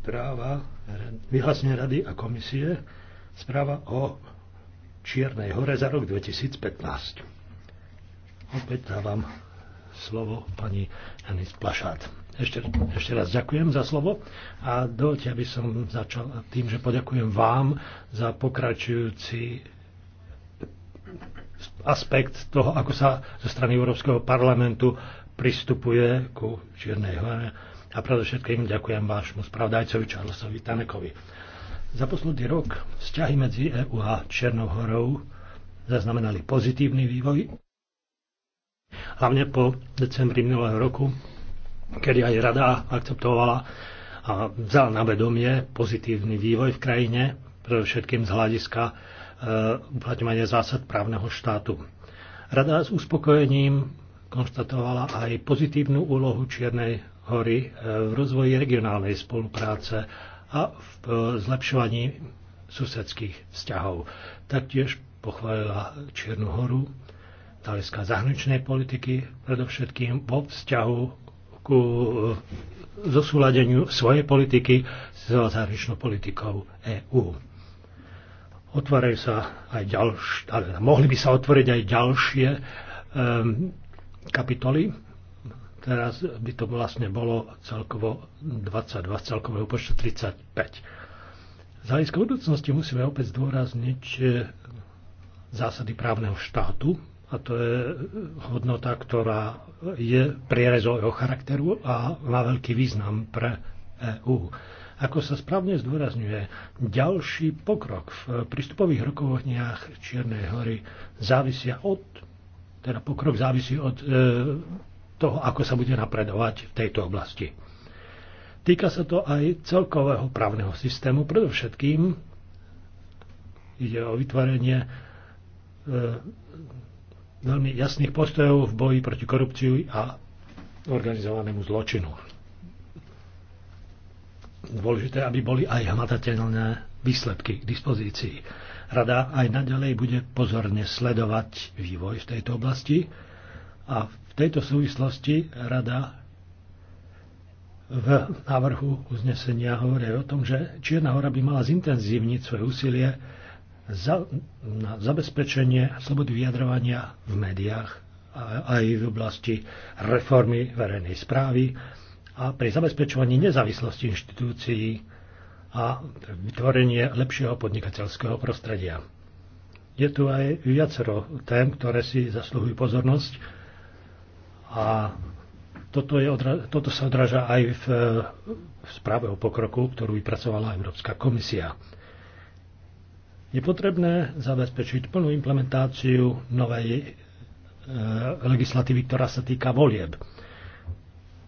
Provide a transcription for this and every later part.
správa, vyhlasne Rady a komisie, správa o Čiernej hore za rok 2015. Opäť dávam slovo pani Janis Plašát. Ešte, ešte raz ďakujem za slovo a dovolte, aby som začal tým, že poďakujem vám za pokračujúci aspekt toho, ako sa zo strany Európskeho parlamentu pristupuje ku Čiernej hore a predovšetkým ďakujem vášmu spravdajcovi Charlesovi Tanekovi. Za posledný rok vzťahy medzi EU a Černou horou zaznamenali pozitívny vývoj, hlavne po decembri minulého roku, kedy aj rada akceptovala a vzal na vedomie pozitívny vývoj v krajine, predovšetkým z hľadiska e, uplatňovania zásad právneho štátu. Rada s uspokojením konštatovala aj pozitívnu úlohu Čiernej hory e, v rozvoji regionálnej spolupráce a v e, zlepšovaní susedských vzťahov. Taktiež pochválila Čiernu horu, Taliska zahraničnej politiky, predovšetkým vo vzťahu ku e, zosúladeniu svojej politiky s zahraničnou politikou EÚ. Otvárajú sa aj ďalšie, ale mohli by sa otvoriť aj ďalšie um, kapitoly Teraz by to vlastne bolo celkovo 22, celkového počtu 35. Z hľadiska budúcnosti musíme opäť zdôrazniť zásady právneho štátu, a to je hodnota, ktorá je prierezového charakteru a má veľký význam pre EÚ. Ako sa správne zdôrazňuje, ďalší pokrok v prístupových rokovaniach Čiernej hory závisia od, teda pokrok závisí od e, toho, ako sa bude napredovať v tejto oblasti. Týka sa to aj celkového právneho systému. Predovšetkým ide o vytvorenie e, veľmi jasných postojov v boji proti korupciu a organizovanému zločinu. Dôležité, aby boli aj hmatateľné výsledky k dispozícii. Rada aj naďalej bude pozorne sledovať vývoj v tejto oblasti a v tejto súvislosti rada v návrhu uznesenia hovorí o tom, že Čierna hora by mala zintenzívniť svoje úsilie za, na zabezpečenie slobody vyjadrovania v médiách a aj v oblasti reformy verejnej správy a pri zabezpečovaní nezávislosti inštitúcií a vytvorenie lepšieho podnikateľského prostredia. Je tu aj viacero tém, ktoré si zasluhujú pozornosť a toto, je, toto sa odráža aj v, v správe o pokroku, ktorú vypracovala Európska komisia. Je potrebné zabezpečiť plnú implementáciu novej e, legislatívy, ktorá sa týka volieb.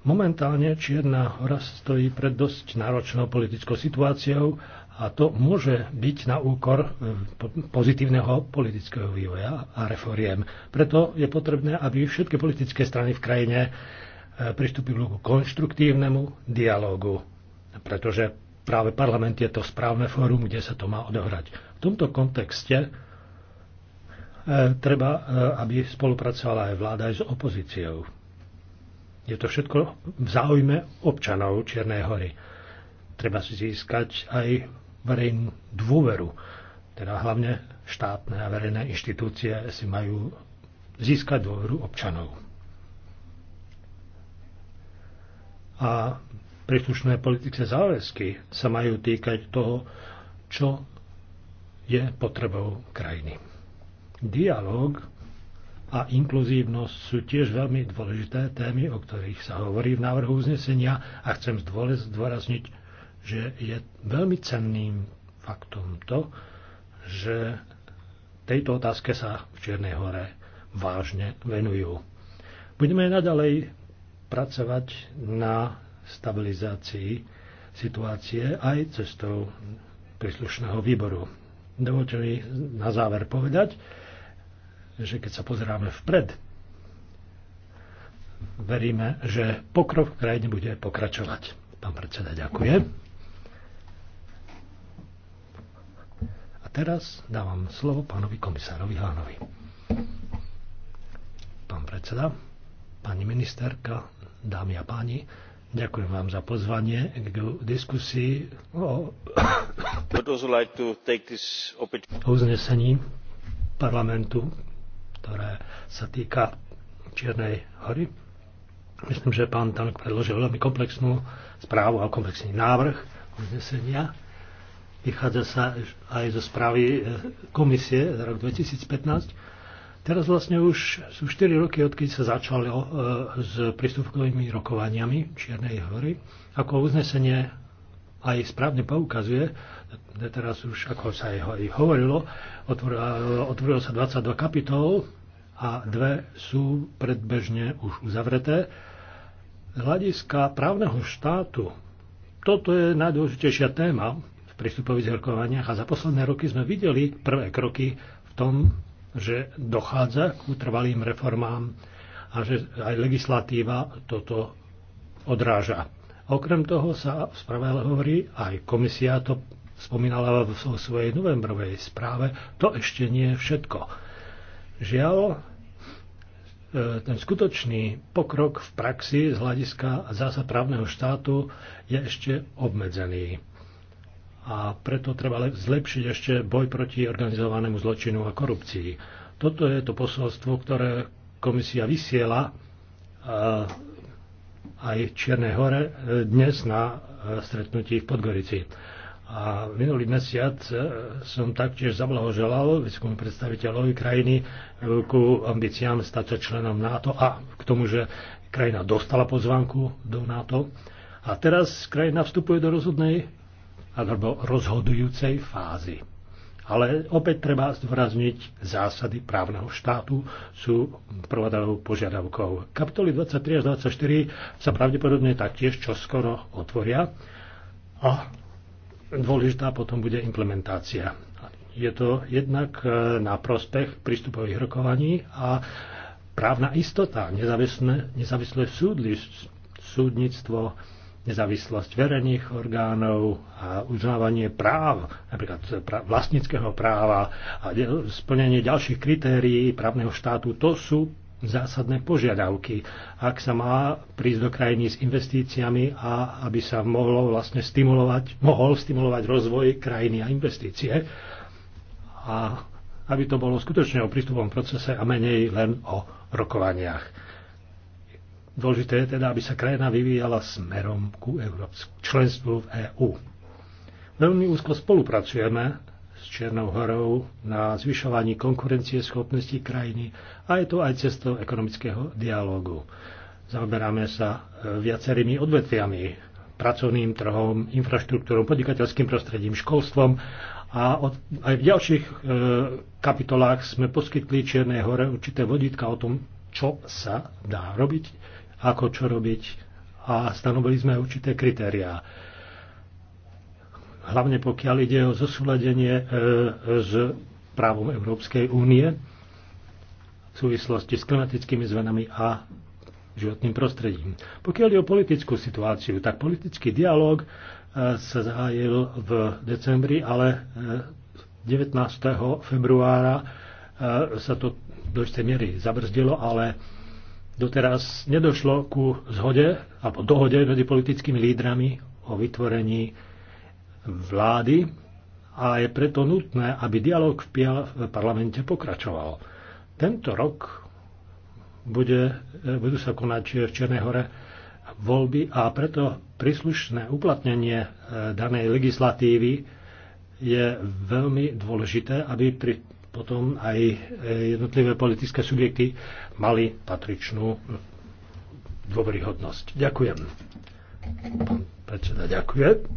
Momentálne Čierna hora stojí pred dosť náročnou politickou situáciou a to môže byť na úkor e, pozitívneho politického vývoja a reforiem. Preto je potrebné, aby všetky politické strany v krajine e, pristúpili k konštruktívnemu dialogu, pretože práve parlament je to správne fórum, kde sa to má odohrať. V tomto kontexte e, treba, aby spolupracovala aj vláda aj s opozíciou. Je to všetko v záujme občanov Čiernej hory. Treba si získať aj verejnú dôveru. Teda hlavne štátne a verejné inštitúcie si majú získať dôveru občanov. A príslušné politické záväzky sa majú týkať toho, čo je potrebou krajiny. Dialóg a inkluzívnosť sú tiež veľmi dôležité témy, o ktorých sa hovorí v návrhu uznesenia a chcem zdôrazniť že je veľmi cenným faktom to, že tejto otázke sa v Čiernej hore vážne venujú. Budeme naďalej pracovať na stabilizácii situácie aj cestou príslušného výboru. Dovolte mi na záver povedať, že keď sa pozeráme vpred, veríme, že pokrok v krajine bude pokračovať. Pán predseda, ďakujem. teraz dávam slovo pánovi komisárovi Hánovi. Pán predseda, pani ministerka, dámy a páni, ďakujem vám za pozvanie k diskusii o, o uznesení parlamentu, ktoré sa týka Čiernej hory. Myslím, že pán Tank predložil veľmi komplexnú správu a komplexný návrh uznesenia vychádza sa aj zo správy eh, komisie za rok 2015. Teraz vlastne už sú 4 roky, odkedy sa začalo eh, s prístupkovými rokovaniami Čiernej hory. Ako uznesenie aj správne poukazuje, eh, teraz už, ako sa aj hovorilo, otvorilo sa 22 kapitol a dve sú predbežne už uzavreté. Z hľadiska právneho štátu toto je najdôležitejšia téma, v prístupových rokovaniach a za posledné roky sme videli prvé kroky v tom, že dochádza k trvalým reformám a že aj legislatíva toto odráža. Okrem toho sa v správe hovorí, aj komisia to spomínala vo svojej novembrovej správe, to ešte nie je všetko. Žiaľ, e, ten skutočný pokrok v praxi z hľadiska zásad právneho štátu je ešte obmedzený a preto treba zlepšiť ešte boj proti organizovanému zločinu a korupcii. Toto je to posolstvo, ktoré komisia vysiela e, aj v Čiernej hore e, dnes na e, stretnutí v Podgorici. A minulý mesiac som taktiež zablahoželal vysokomu predstaviteľovi krajiny ku ambíciám stať sa členom NATO a k tomu, že krajina dostala pozvanku do NATO. A teraz krajina vstupuje do rozhodnej alebo rozhodujúcej fázy. Ale opäť treba zdôrazniť, zásady právneho štátu sú prvadovou požiadavkou. Kapitoly 23 až 24 sa pravdepodobne taktiež čoskoro otvoria a dôležitá potom bude implementácia. Je to jednak e, na prospech prístupových rokovaní a právna istota, nezávislé, nezávislé súdli, súdnictvo, nezávislosť verejných orgánov a uznávanie práv, napríklad vlastnického práva a splnenie ďalších kritérií právneho štátu, to sú zásadné požiadavky, ak sa má prísť do krajiny s investíciami a aby sa mohlo vlastne stimulovať, mohol stimulovať rozvoj krajiny a investície a aby to bolo skutočne o prístupovom procese a menej len o rokovaniach. Dôležité je teda, aby sa krajina vyvíjala smerom ku Európsku, členstvu v EÚ. Veľmi úzko spolupracujeme s Černou horou na zvyšovaní konkurencie schopnosti krajiny a je to aj cestou ekonomického dialógu. Zaoberáme sa e, viacerými odvetviami, pracovným trhom, infraštruktúrou, podnikateľským prostredím, školstvom a od, aj v ďalších e, kapitolách sme poskytli Čiernej hore určité vodítka o tom, čo sa dá robiť ako čo robiť a stanovili sme určité kritériá. Hlavne pokiaľ ide o zosúladenie e, e, s právom Európskej únie v súvislosti s klimatickými zmenami a životným prostredím. Pokiaľ ide o politickú situáciu, tak politický dialog e, sa zahájil v decembri, ale 19. februára sa to do istej miery zabrzdilo, ale Doteraz nedošlo ku zhode alebo dohode medzi politickými lídrami o vytvorení vlády a je preto nutné, aby dialog v parlamente pokračoval. Tento rok bude, e, budú sa konať v Černej hore voľby a preto príslušné uplatnenie e, danej legislatívy je veľmi dôležité, aby pri potom aj e, jednotlivé politické subjekty mali patričnú dôveryhodnosť. Ďakujem. Pán predseda, ďakujem.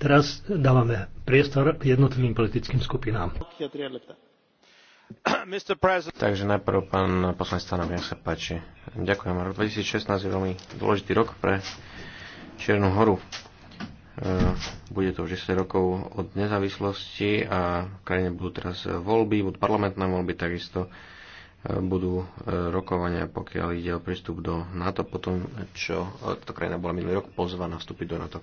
Teraz dávame priestor jednotlivým politickým skupinám. Takže najprv pán poslanec Stanov, nech sa páči. Ďakujem. Rok 2016 je veľmi dôležitý rok pre Čiernu horu E, bude to už 10 rokov od nezávislosti a v krajine budú teraz voľby, budú parlamentné voľby, takisto e, budú e, rokovania, pokiaľ ide o prístup do NATO, potom čo táto krajina bola minulý rok pozvaná vstúpiť do NATO.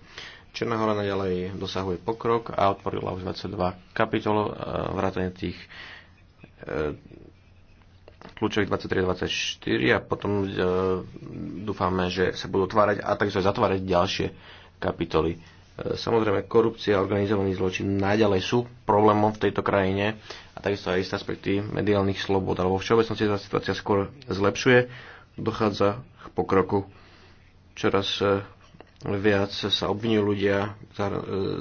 Černá hora naďalej dosahuje pokrok a otvorila už 22 kapitol vrátane tých kľúčových 23-24 a potom dúfame, že sa budú otvárať a takisto aj zatvárať ďalšie kapitoly Samozrejme, korupcia a organizovaný zločin naďalej sú problémom v tejto krajine a takisto aj isté aspekty mediálnych slobod. Alebo všeobecnosti sa situácia skôr zlepšuje, dochádza k pokroku. Čoraz e, viac sa obvinujú ľudia e,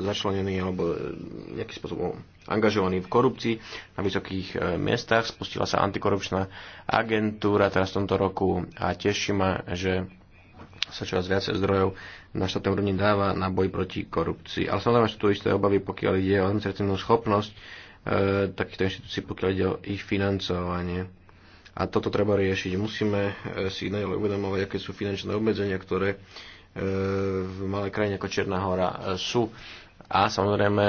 začlenení alebo e, nejakým spôsobom angažovaní v korupcii na vysokých miestach. Spustila sa antikorupčná agentúra teraz v tomto roku a teší ma, že sa čoraz viac zdrojov na štátnej úrovni dáva na boj proti korupcii. Ale samozrejme sú tu isté obavy, pokiaľ ide o administratívnu schopnosť e, takýchto inštitúcií, pokiaľ ide o ich financovanie. A toto treba riešiť. Musíme e, si uvedomovať, aké sú finančné obmedzenia, ktoré e, v malej krajine ako Černá hora e, sú. A samozrejme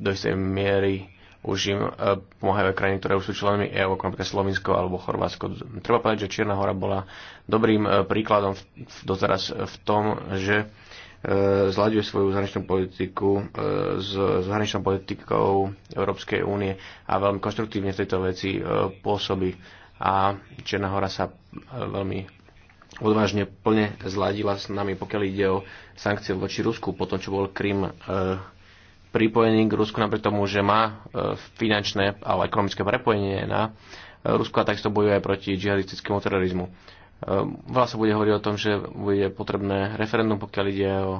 do istej miery už im e, pomáhajú krajiny, ktoré už sú členmi EÚ, ako napríklad Slovinsko alebo Chorvátsko. Treba povedať, že Čierna hora bola dobrým e, príkladom v, doteraz v tom, že e, zľaďuje svoju zahraničnú politiku s zahraničnou politikou Európskej únie a veľmi konštruktívne v tejto veci pôsobí. A Čierna hora sa veľmi odvážne plne zladila s nami, pokiaľ ide o sankcie voči Rusku, po tom, čo bol Krym pripojený k Rusku napriek tomu, že má e, finančné ale ekonomické prepojenie na e, Rusko a takisto bojuje aj proti džihadistickému terorizmu. E, veľa sa bude hovoriť o tom, že bude potrebné referendum, pokiaľ ide o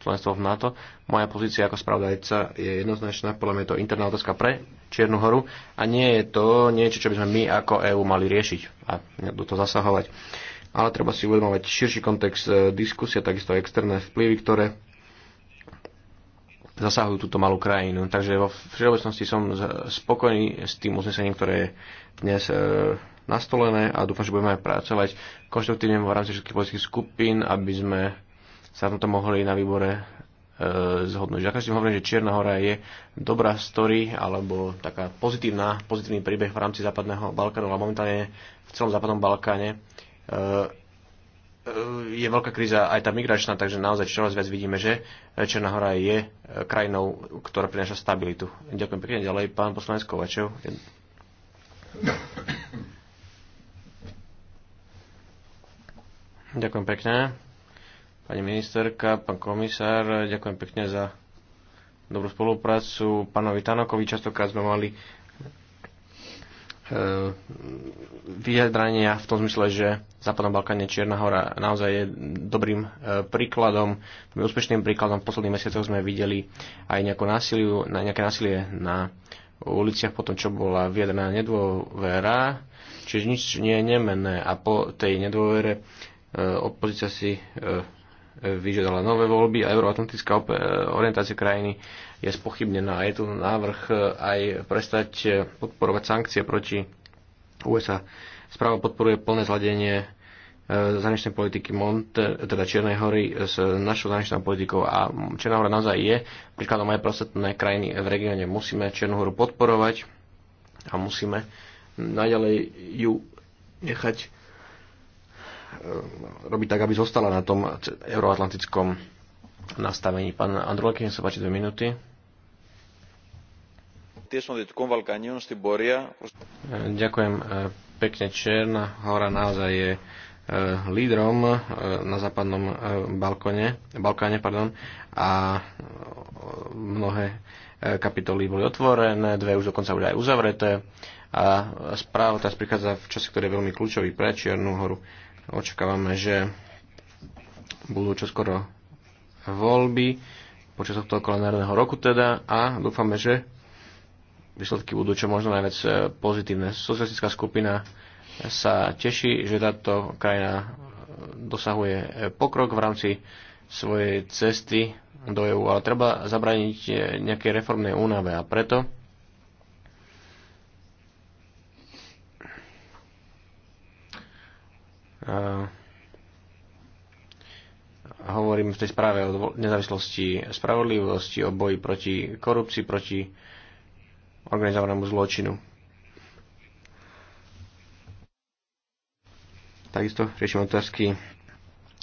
členstvo v NATO. Moja pozícia ako spravodajca je jednoznačná, podľa mňa je to interná otázka pre Čiernu horu a nie je to niečo, čo by sme my ako EÚ mali riešiť a do toho zasahovať. Ale treba si uvedomovať širší kontext diskusie, takisto externé vplyvy, ktoré zasahujú túto malú krajinu. Takže vo všeobecnosti som spokojný s tým uznesením, ktoré je dnes e, nastolené a dúfam, že budeme aj pracovať konštruktívne v rámci všetkých politických skupín, aby sme sa na to mohli na výbore e, zhodnúť. Ja každým hovorím, že Čierna hora je dobrá story alebo taká pozitívna, pozitívny príbeh v rámci Západného Balkánu, ale momentálne v celom Západnom Balkáne e, je veľká kríza aj tá migračná, takže naozaj čoraz viac vidíme, že Černá hora je e, krajinou, ktorá prináša stabilitu. Ďakujem pekne. Ďalej pán poslanec Kovačev. Ďakujem pekne. Pani ministerka, pán komisár, ďakujem pekne za dobrú spoluprácu. Pánovi Tanokovi častokrát sme mali Eh, vyjadrania v tom zmysle, že západná Balkáne Čierna hora naozaj je dobrým eh, príkladom, veľmi úspešným príkladom. V posledných mesiacoch sme videli aj nejakú násiliu, na nejaké násilie na uliciach po tom, čo bola vyjadrená nedôvera, čiže nič nie je nemenné a po tej nedôvere eh, opozícia si vyžiadala nové voľby a euroatlantická orientácia krajiny je spochybnená. Je tu návrh e, aj prestať e, podporovať sankcie proti USA. Správa podporuje plné zladenie e, zahraničnej politiky Mont, teda Čiernej hory s našou zahraničnou politikou a Čierna hora naozaj je príkladom aj prostredné krajiny v regióne. Musíme Čiernu horu podporovať a musíme naďalej ju nechať robiť tak, aby zostala na tom euroatlantickom nastavení. Pán Andrulakin, sa páči dve minúty πολιτείες των Δυτικών Ďakujem pekne. čierna hora naozaj je lídrom na západnom e, balkone, Balkáne pardon, a e, mnohé e, kapitoly boli otvorené, dve už dokonca boli aj uzavreté a správa teraz prichádza v čase, ktorý je veľmi kľúčový pre Čiernu horu. Očakávame, že budú čoskoro voľby počas tohto kalendárneho roku teda a dúfame, že výsledky budú čo možno najviac e, pozitívne. Socialistická skupina sa teší, že táto krajina e, dosahuje e, pokrok v rámci svojej cesty do EU, ale treba zabrániť nejaké reformné únave a preto uh, hovorím v tej správe o nezávislosti spravodlivosti, o boji proti korupcii, proti organizovanému zločinu. Takisto riešim otázky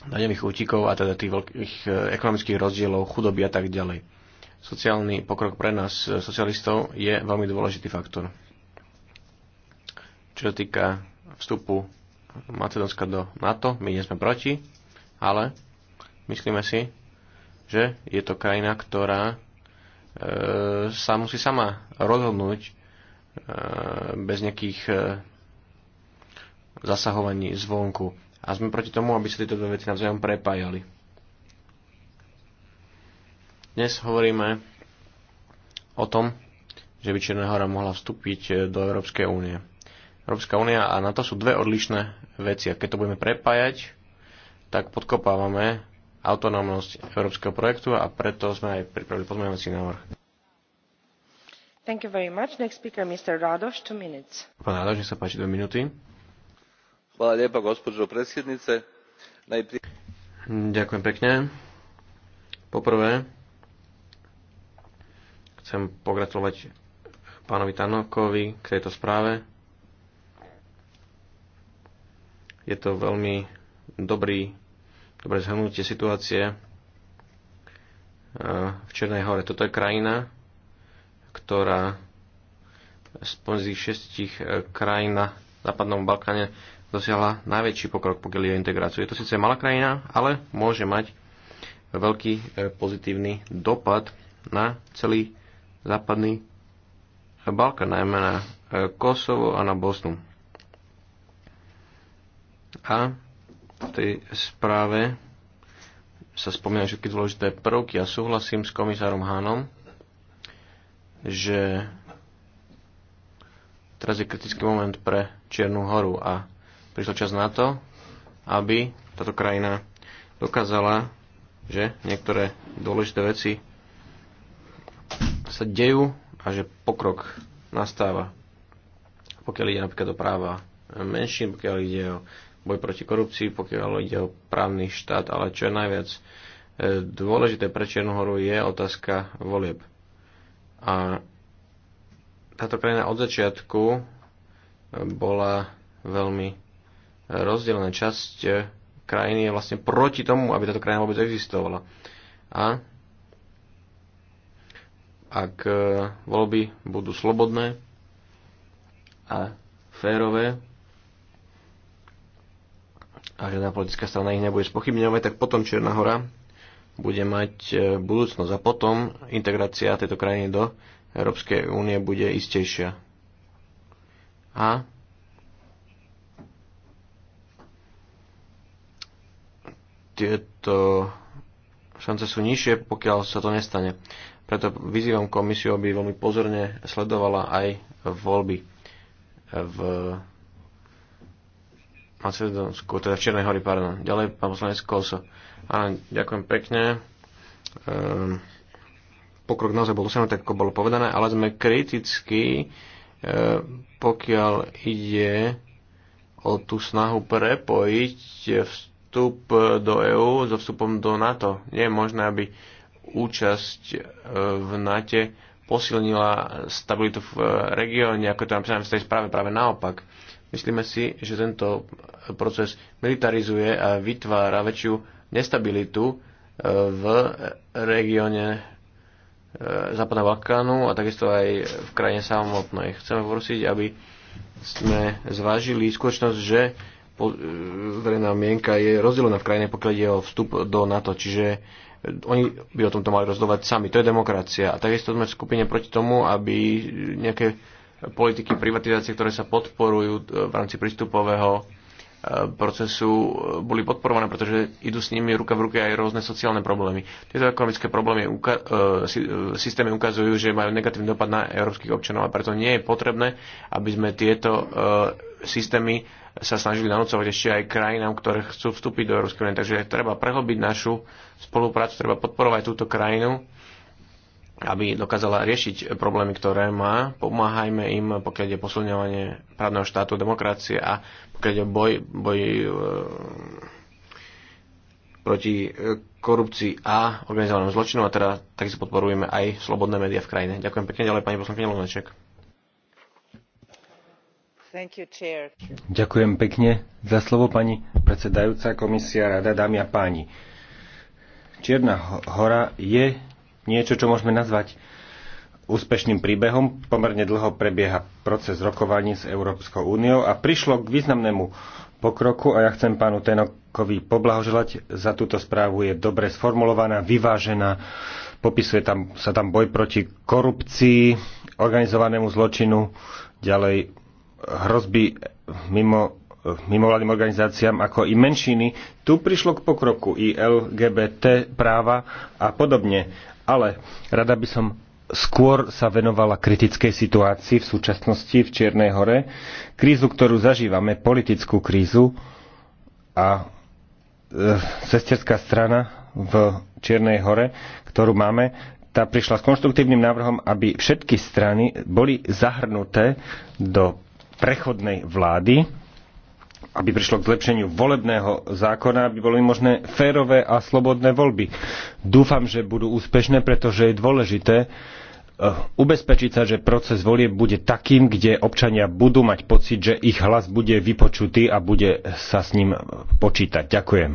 daňových útikov a teda tých veľkých eh, ekonomických rozdielov, chudoby a tak ďalej. Sociálny pokrok pre nás, eh, socialistov, je veľmi dôležitý faktor. Čo sa týka vstupu Macedónska do NATO, my nie sme proti, ale myslíme si, že je to krajina, ktorá E, sa musí sama rozhodnúť e, bez nejakých e, zasahovaní zvonku. A sme proti tomu, aby sa tieto dve veci navzájom prepájali. Dnes hovoríme o tom, že by černá hora mohla vstúpiť do Európskej únie. Európska únia a na to sú dve odlišné veci. A keď to budeme prepájať, tak podkopávame autonómnosť európskeho projektu a preto sme aj pripravili pozmeňovací návrh. Thank you very much. Next speaker, Mr. Radoš, two minutes. Pán Radoš, sa páči, dve minúty. Hvala gospođo predsjednice. Ďakujem pekne. Poprvé, chcem pogratulovať pánovi Tanokovi k tejto správe. Je to veľmi dobrý dobre zhrnutie situácie eh, v Černej hore. Toto je krajina, ktorá spomedzi šestich eh, krajín na západnom Balkáne dosiahla najväčší pokrok, pokiaľ je integráciu. Je to síce malá krajina, ale môže mať eh, veľký pozitívny dopad na celý západný Balkán, najmä na Kosovo a na Bosnu. A v tej správe sa spomínajú všetky dôležité prvky a súhlasím s komisárom Hánom, že teraz je kritický moment pre Čiernu horu a prišiel čas na to, aby táto krajina dokázala, že niektoré dôležité veci sa dejú a že pokrok nastáva. Pokiaľ ide napríklad o práva menšín, pokiaľ ide o boj proti korupcii, pokiaľ ide o právny štát, ale čo je najviac e, dôležité pre Černohoru je otázka volieb. A táto krajina od začiatku e, bola veľmi rozdelená Časť e, krajiny je vlastne proti tomu, aby táto krajina vôbec existovala. A ak voľby budú slobodné a férové, a žiadna politická strana ich nebude spochybňovať, tak potom Čierna hora bude mať e, budúcnosť a potom integrácia tejto krajiny do Európskej únie bude istejšia. A tieto šance sú nižšie, pokiaľ sa to nestane. Preto vyzývam komisiu, aby veľmi pozorne sledovala aj voľby v Macedónsku, teda v Černej hory, pardon. Ďalej pán poslanec Koso. Áno, ďakujem pekne. Ehm, pokrok naozaj bol dosiahnutý, tak ako bolo povedané, ale sme kriticky, ehm, pokiaľ ide o tú snahu prepojiť vstup do EÚ so vstupom do NATO. Nie je možné, aby účasť ehm, v NATO posilnila stabilitu v eh, regióne, ako to napísané v tej správe, práve naopak Myslíme si, že tento proces militarizuje a vytvára väčšiu nestabilitu e, v regióne e, Západného Balkánu a takisto aj v krajine samotnej. Chceme prosiť, aby sme zvážili skutočnosť, že e, verejná mienka je rozdelená v krajine, pokiaľ ide o vstup do NATO, čiže oni by o tomto mali rozhodovať sami. To je demokracia. A takisto sme v skupine proti tomu, aby nejaké politiky privatizácie, ktoré sa podporujú e, v rámci prístupového e, procesu, e, boli podporované, pretože idú s nimi ruka v ruke aj rôzne sociálne problémy. Tieto ekonomické problémy uka- systémy ukazujú, že majú negatívny dopad na európskych občanov a preto nie je potrebné, aby sme tieto systémy sa snažili nanúcovať ešte aj krajinám, ktoré chcú vstúpiť do Európskej únie. Takže treba prehlbiť našu spoluprácu, treba podporovať túto krajinu aby dokázala riešiť problémy, ktoré má. Pomáhajme im, pokiaľ je posilňovanie právneho štátu, demokracie a pokiaľ je boj, boj e, proti e, korupcii a organizovanému zločinu a teda takisto podporujeme aj slobodné médiá v krajine. Ďakujem pekne ďalej pani poslankyňa Lunaček. Ďakujem pekne za slovo pani predsedajúca, komisia, rada, dámy a páni. Čierna hora je niečo, čo môžeme nazvať úspešným príbehom. Pomerne dlho prebieha proces rokovaní s Európskou úniou a prišlo k významnému pokroku a ja chcem pánu Tenokovi poblahoželať. Za túto správu je dobre sformulovaná, vyvážená, popisuje tam, sa tam boj proti korupcii, organizovanému zločinu, ďalej hrozby mimo mimovládnym organizáciám ako i menšiny, tu prišlo k pokroku i LGBT práva a podobne ale rada by som skôr sa venovala kritickej situácii v súčasnosti v Čiernej hore, krízu, ktorú zažívame, politickú krízu a e, sesterská strana v Čiernej hore, ktorú máme, tá prišla s konštruktívnym návrhom, aby všetky strany boli zahrnuté do prechodnej vlády, aby prišlo k zlepšeniu volebného zákona, aby boli možné férové a slobodné voľby. Dúfam, že budú úspešné, pretože je dôležité eh, ubezpečiť sa, že proces volieb bude takým, kde občania budú mať pocit, že ich hlas bude vypočutý a bude sa s ním počítať. Ďakujem.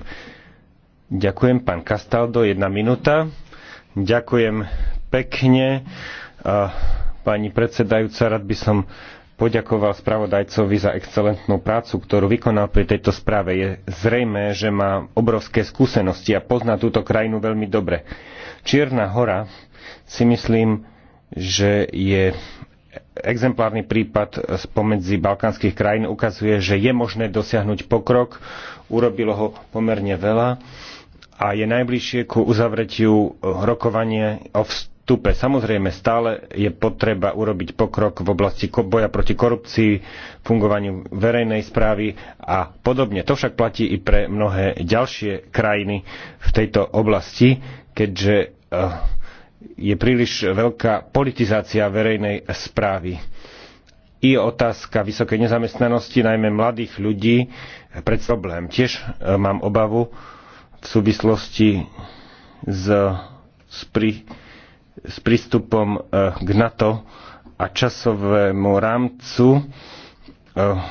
Ďakujem, pán Kastaldo, jedna minúta. Ďakujem pekne. Eh, pani predsedajúca, rád by som poďakoval spravodajcovi za excelentnú prácu, ktorú vykonal pri tejto správe. Je zrejmé, že má obrovské skúsenosti a pozná túto krajinu veľmi dobre. Čierna hora si myslím, že je exemplárny prípad spomedzi balkánskych krajín ukazuje, že je možné dosiahnuť pokrok, urobilo ho pomerne veľa a je najbližšie ku uzavretiu rokovanie o vstupu vstupe. Samozrejme, stále je potreba urobiť pokrok v oblasti boja proti korupcii, fungovaniu verejnej správy a podobne. To však platí i pre mnohé ďalšie krajiny v tejto oblasti, keďže eh, je príliš veľká politizácia verejnej správy. I otázka vysokej nezamestnanosti, najmä mladých ľudí, pred problém. Tiež eh, mám obavu v súvislosti s, s pri, s prístupom e, k NATO a časovému rámcu e,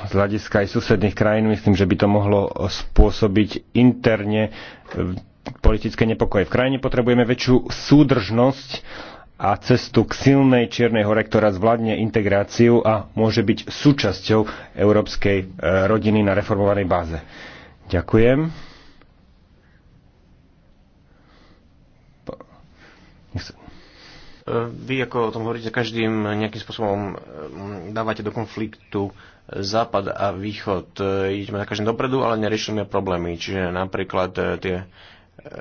z hľadiska aj susedných krajín, myslím, že by to mohlo spôsobiť interne e, politické nepokoje. V krajine potrebujeme väčšiu súdržnosť a cestu k silnej Čiernej hore, ktorá zvládne integráciu a môže byť súčasťou európskej rodiny na reformovanej báze. Ďakujem. E, vy, ako o tom hovoríte, každým nejakým spôsobom e, dávate do konfliktu západ a východ. E, ideme na každým dopredu, ale neriešime problémy. Čiže napríklad tie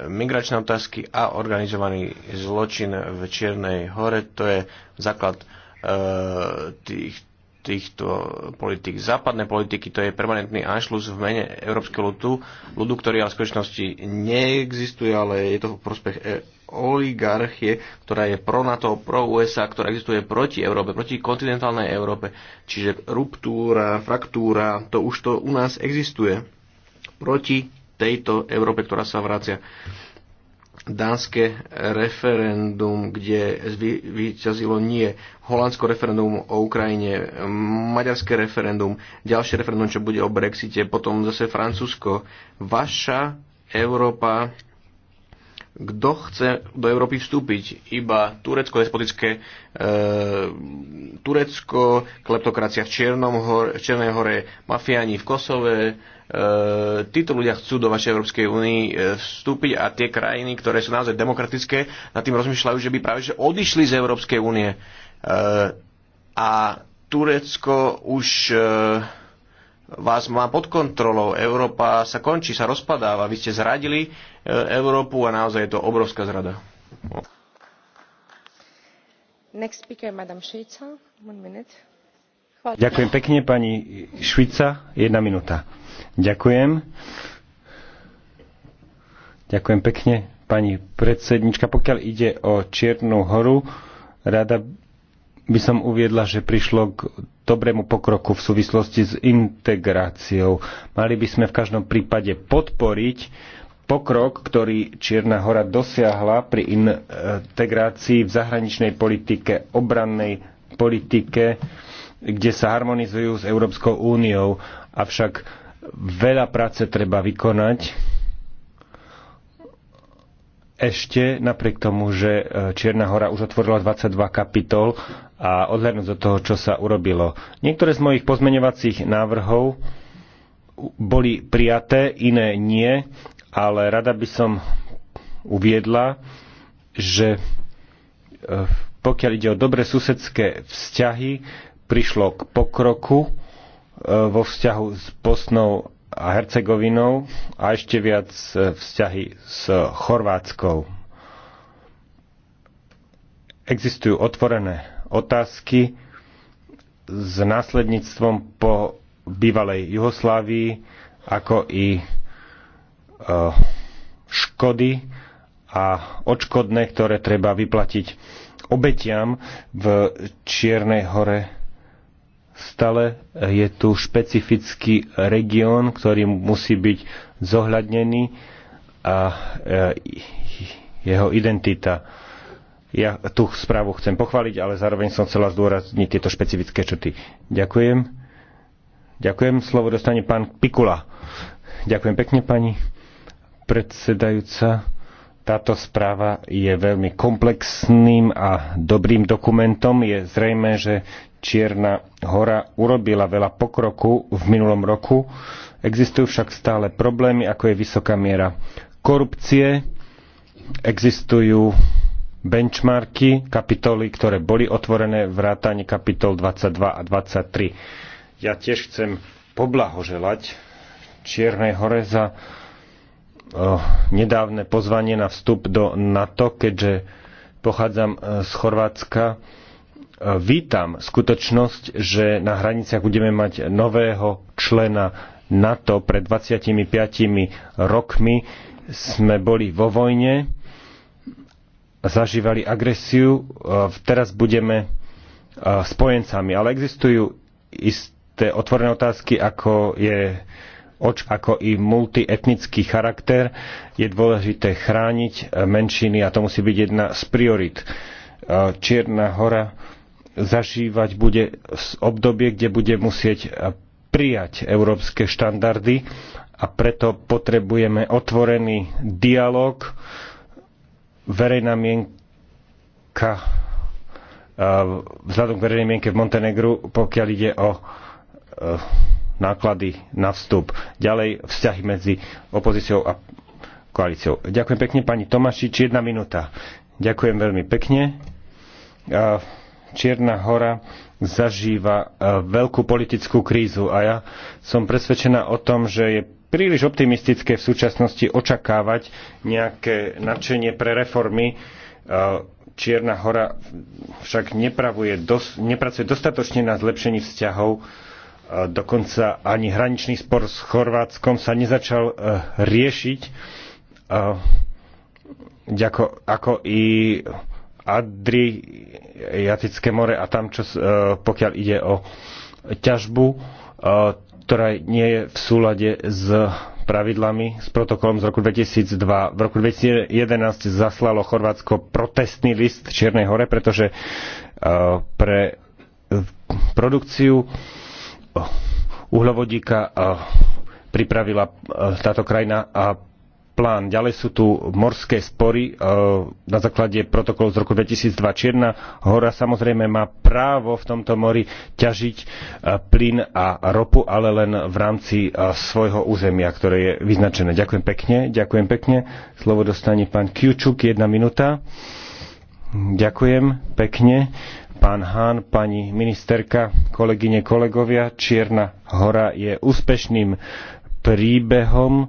migračné otázky a organizovaný zločin v Čiernej hore, to je základ tých, týchto politik. Západné politiky to je permanentný anšlus v mene Európskeho ľudu, ľudu, ktorý ale v skutočnosti neexistuje, ale je to v prospech oligarchie, ktorá je pro NATO, pro USA, ktorá existuje proti Európe, proti kontinentálnej Európe. Čiže ruptúra, fraktúra, to už to u nás existuje. Proti tejto Európe, ktorá sa vracia. Dánske referendum, kde vyťazilo nie. Holandsko referendum o Ukrajine, maďarské referendum, ďalšie referendum, čo bude o Brexite, potom zase Francúzsko. Vaša Európa kto chce do Európy vstúpiť. Iba Turecko, despotické e, Turecko, kleptokracia v, Čiernom hor, v Černej hore, mafiáni v Kosove. E, títo ľudia chcú do vašej Európskej únii e, vstúpiť a tie krajiny, ktoré sú naozaj demokratické, nad tým rozmýšľajú, že by práve že odišli z Európskej únie. E, a Turecko už... E, vás má pod kontrolou, Európa sa končí, sa rozpadáva, vy ste zradili E, Európu a naozaj je to obrovská zrada. Next speaker, Švica. One minute. Ďakujem pekne, pani Švica. Jedna minúta. Ďakujem. Ďakujem pekne, pani predsednička. Pokiaľ ide o Čiernu horu, rada by som uviedla, že prišlo k dobrému pokroku v súvislosti s integráciou. Mali by sme v každom prípade podporiť pokrok, ktorý Čierna hora dosiahla pri integrácii v zahraničnej politike, obrannej politike, kde sa harmonizujú s Európskou úniou. Avšak veľa práce treba vykonať ešte napriek tomu, že e, Čierna hora už otvorila 22 kapitol a odhľadnúť do toho, čo sa urobilo. Niektoré z mojich pozmeňovacích návrhov boli prijaté, iné nie ale rada by som uviedla, že e, pokiaľ ide o dobre susedské vzťahy, prišlo k pokroku e, vo vzťahu s Bosnou a Hercegovinou a ešte viac e, vzťahy s Chorvátskou. Existujú otvorené otázky s následníctvom po bývalej Juhoslávii, ako i Eh, škody a odškodné, ktoré treba vyplatiť obetiam v Čiernej hore. Stále je tu špecifický región, ktorý musí byť zohľadnený a eh, jeho identita. Ja tú správu chcem pochváliť, ale zároveň som chcela zdôrazniť tieto špecifické črty. Ďakujem. Ďakujem. Slovo dostane pán Pikula. Ďakujem pekne, pani predsedajúca. Táto správa je veľmi komplexným a dobrým dokumentom. Je zrejme, že Čierna hora urobila veľa pokroku v minulom roku. Existujú však stále problémy, ako je vysoká miera korupcie, existujú benchmarky, kapitoly, ktoré boli otvorené, vrátane kapitol 22 a 23. Ja tiež chcem poblahoželať Čiernej hore za Oh, nedávne pozvanie na vstup do NATO, keďže pochádzam eh, z Chorvátska. Eh, vítam skutočnosť, že na hraniciach budeme mať nového člena NATO pred 25 rokmi. Sme boli vo vojne, zažívali agresiu, eh, teraz budeme spojencami. Ale existujú isté otvorené otázky, ako je oč ako i multietnický charakter. Je dôležité chrániť eh, menšiny a to musí byť jedna z priorit. Eh, Čierna hora zažívať bude obdobie, kde bude musieť eh, prijať európske štandardy a preto potrebujeme otvorený dialog. Verejná mienka vzhľadom k verejnej mienke v Montenegru, pokiaľ ide o náklady na vstup. Ďalej vzťahy medzi opozíciou a koalíciou. Ďakujem pekne pani Tomašič, jedna minúta. Ďakujem veľmi pekne. Čierna hora zažíva e, veľkú politickú krízu a ja som presvedčená o tom, že je príliš optimistické v súčasnosti očakávať nejaké nadšenie pre reformy. E, Čierna hora však dos, nepracuje dostatočne na zlepšení vzťahov Dokonca ani hraničný spor s Chorvátskom sa nezačal e, riešiť ako i Adriatické more a tam, čo, e, pokiaľ ide o ťažbu, e, ktorá nie je v súlade s pravidlami, s protokolom z roku 2002. V roku 2011 zaslalo Chorvátsko protestný list Čiernej hore, pretože pre produkciu uhlovodíka eh, pripravila eh, táto krajina a plán. Ďalej sú tu morské spory eh, na základe protokolu z roku 2002. Čierna hora samozrejme má právo v tomto mori ťažiť plyn a ropu, ale len v rámci svojho územia, ktoré je vyznačené. Ďakujem pekne, ďakujem pekne. Slovo dostane pán Kiučuk, jedna minúta. Ďakujem pekne pán Hán, pani ministerka, kolegyne, kolegovia. Čierna hora je úspešným príbehom,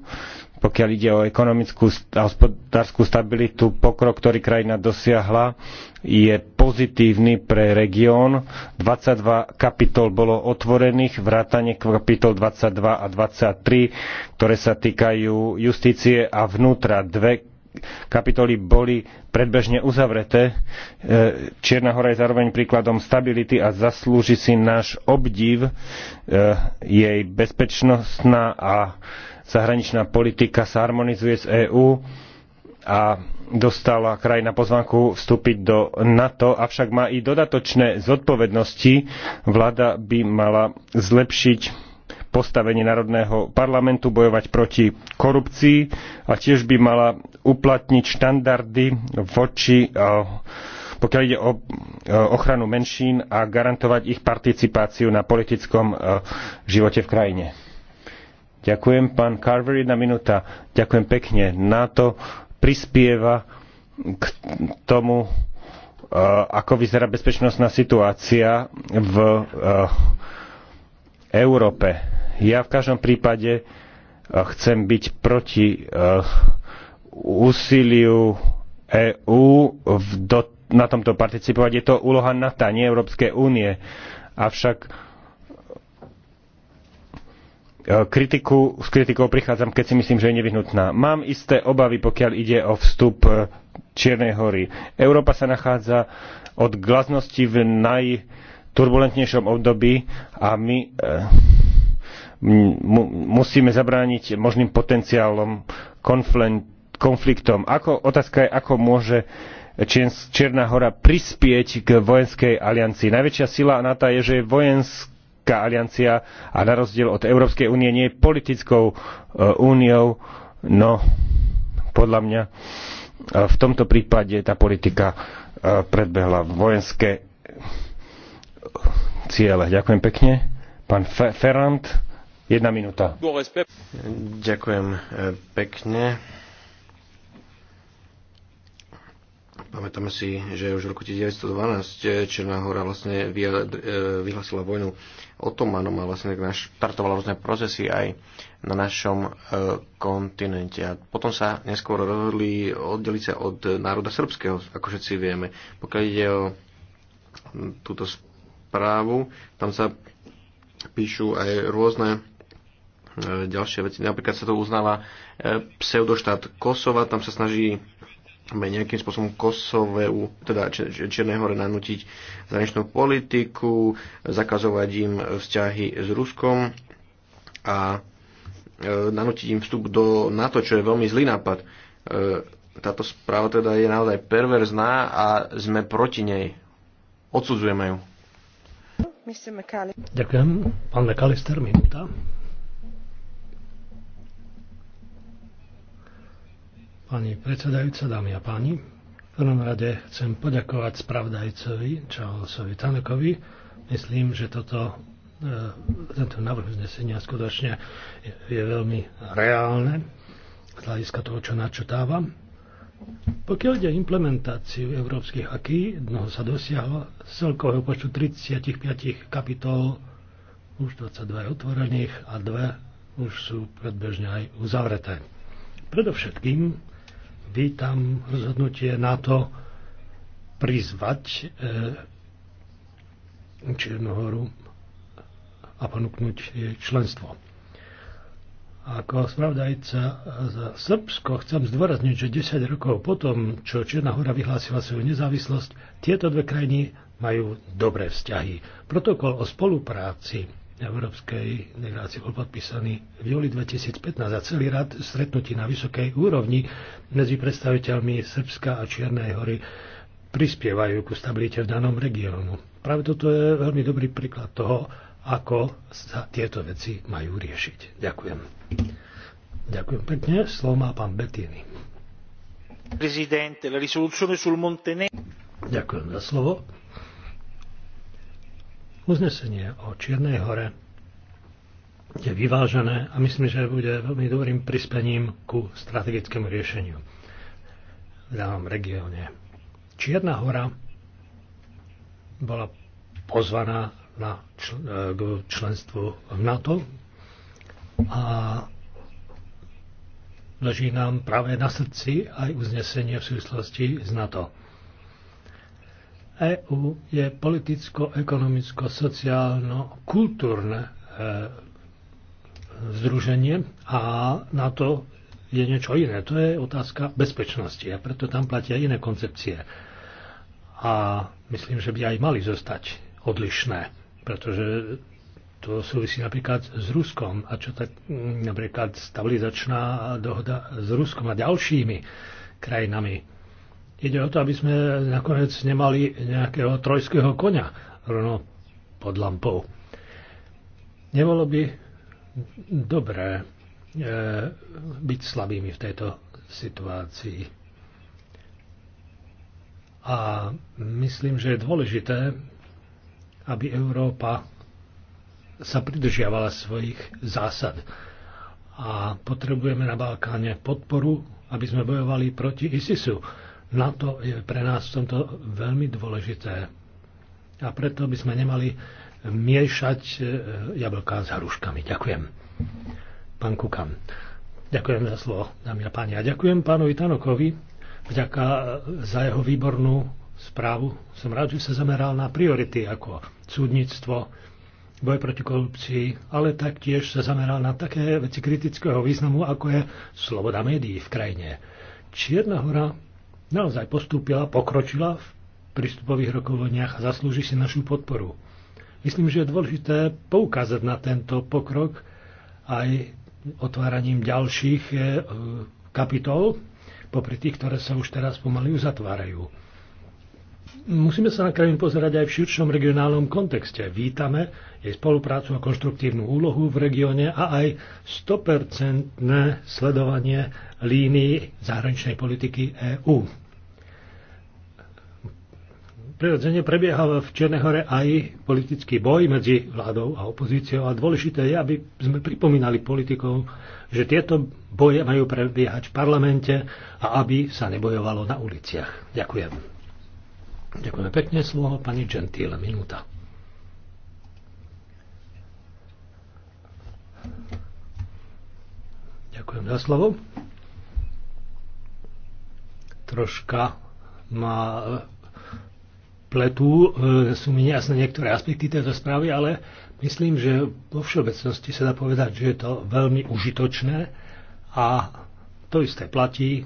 pokiaľ ide o ekonomickú a hospodárskú stabilitu. Pokrok, ktorý krajina dosiahla, je pozitívny pre región. 22 kapitol bolo otvorených, vrátane kapitol 22 a 23, ktoré sa týkajú justície a vnútra. Dve kapitoly boli predbežne uzavreté. E, Čierna hora je zároveň príkladom stability a zaslúži si náš obdiv. E, jej bezpečnostná a zahraničná politika sa harmonizuje s EÚ a dostala krajina pozvanku vstúpiť do NATO, avšak má i dodatočné zodpovednosti. Vláda by mala zlepšiť postavenie Národného parlamentu, bojovať proti korupcii a tiež by mala uplatniť štandardy voči e, pokiaľ ide o e, ochranu menšín a garantovať ich participáciu na politickom e, živote v krajine. Ďakujem, pán Carver, jedna minúta. Ďakujem pekne. NATO prispieva k tomu, ako vyzerá bezpečnostná situácia v Európe ja v každom prípade eh, chcem byť proti eh, úsiliu EÚ na tomto participovať. Je to úloha NATO, nie Európskej únie. Avšak eh, kritiku, s kritikou prichádzam, keď si myslím, že je nevyhnutná. Mám isté obavy, pokiaľ ide o vstup Čiernej hory. Európa sa nachádza od glasnosti v najturbulentnejšom období a my musíme zabrániť možným potenciálom konfliktom. Ako, otázka je, ako môže Čierna hora prispieť k vojenskej aliancii. Najväčšia sila NATO je, že je vojenská aliancia a na rozdiel od Európskej únie nie je politickou e, úniou. No, podľa mňa e, v tomto prípade tá politika e, predbehla vojenské ciele. Ďakujem pekne. Pán Ferrand. Jedna minúta. Ďakujem e, pekne. Pamätáme si, že už v roku 1912 e, Černá hora vlastne e, vyhlasila vojnu otomanom a vlastne naštartovala rôzne procesy aj na našom kontinente. A potom sa neskôr rozhodli oddeliť sa od národa srbského, ako všetci vieme. Pokiaľ ide o túto správu, tam sa píšu aj rôzne E, ďalšie veci. Napríklad sa to uznáva e, pseudoštát Kosova, tam sa snaží nejakým spôsobom Kosoveu, teda Černej hore nanútiť zahraničnú politiku, zakazovať im vzťahy s Ruskom a e, nanútiť im vstup do NATO, čo je veľmi zlý nápad. Táto správa teda je naozaj perverzná a sme proti nej. Odsudzujeme ju. Ďakujem. Pán Mekalister, minúta. Pani predsedajúca, dámy a páni, v prvom rade chcem poďakovať spravdajcovi Charlesovi Tanekovi. Myslím, že toto, e, tento návrh uznesenia skutočne je veľmi reálne z hľadiska toho, čo načutávam. Pokiaľ ide implementáciu európskych aký, dnoho sa dosiahlo z celkového počtu 35 kapitol, už 22 je otvorených a dve už sú predbežne aj uzavreté. Predovšetkým vítam rozhodnutie na to prizvať e, Čiernohoru a ponúknuť jej členstvo. Ako spravdajca za Srbsko chcem zdôrazniť, že 10 rokov potom, čo Čierna hora vyhlásila svoju nezávislosť, tieto dve krajiny majú dobré vzťahy. Protokol o spolupráci európskej delegácie bol podpísaný v júli 2015 a celý rad stretnutí na vysokej úrovni medzi predstaviteľmi Srbska a Čiernej hory prispievajú ku stabilite v danom regiónu. Práve toto je veľmi dobrý príklad toho, ako sa tieto veci majú riešiť. Ďakujem. Ďakujem pekne. Slovo má pán Bettini. Ďakujem za slovo uznesenie o Čiernej hore je vyvážené a myslím, že bude veľmi dobrým prispením ku strategickému riešeniu v danom regióne. Čierna hora bola pozvaná na čl- e, k členstvu v NATO a leží nám práve na srdci aj uznesenie v súvislosti s NATO. EÚ je politicko, ekonomicko, sociálno, kultúrne e, združenie a na to je niečo iné. To je otázka bezpečnosti a preto tam platia iné koncepcie. A myslím, že by aj mali zostať odlišné, pretože to súvisí napríklad s Ruskom a čo tak napríklad stabilizačná dohoda s Ruskom a ďalšími krajinami Ide o to, aby sme nakoniec nemali nejakého trojského konia rovno pod lampou. Nebolo by dobré e, byť slabými v tejto situácii. A myslím, že je dôležité, aby Európa sa pridržiavala svojich zásad. A potrebujeme na Balkáne podporu, aby sme bojovali proti ISISu na to je pre nás v tomto veľmi dôležité. A preto by sme nemali miešať e, jablká s haruškami. Ďakujem. Pán Kukan. Ďakujem za slovo, dámy a páni. A ďakujem pánovi Tanokovi vďaka e, za jeho výbornú správu. Som rád, že sa zameral na priority ako súdnictvo, boj proti korupcii, ale taktiež sa zameral na také veci kritického významu, ako je sloboda médií v krajine. Čierna hora naozaj postúpila, pokročila v prístupových rokovaniach a zaslúži si našu podporu. Myslím, že je dôležité poukázať na tento pokrok aj otváraním ďalších e, kapitol, popri tých, ktoré sa už teraz pomaly uzatvárajú. Musíme sa na krajinu pozerať aj v širšom regionálnom kontexte. Vítame jej spoluprácu a konštruktívnu úlohu v regióne a aj 100% sledovanie línii zahraničnej politiky EÚ prirodzene prebieha v Čiernej hore aj politický boj medzi vládou a opozíciou a dôležité je, aby sme pripomínali politikov, že tieto boje majú prebiehať v parlamente a aby sa nebojovalo na uliciach. Ďakujem. Ďakujem pekne. Slovo pani Gentile. Minúta. Ďakujem za slovo. Troška ma pletú, e, sú mi nejasné niektoré aspekty tejto správy, ale myslím, že vo všeobecnosti sa dá povedať, že je to veľmi užitočné a to isté platí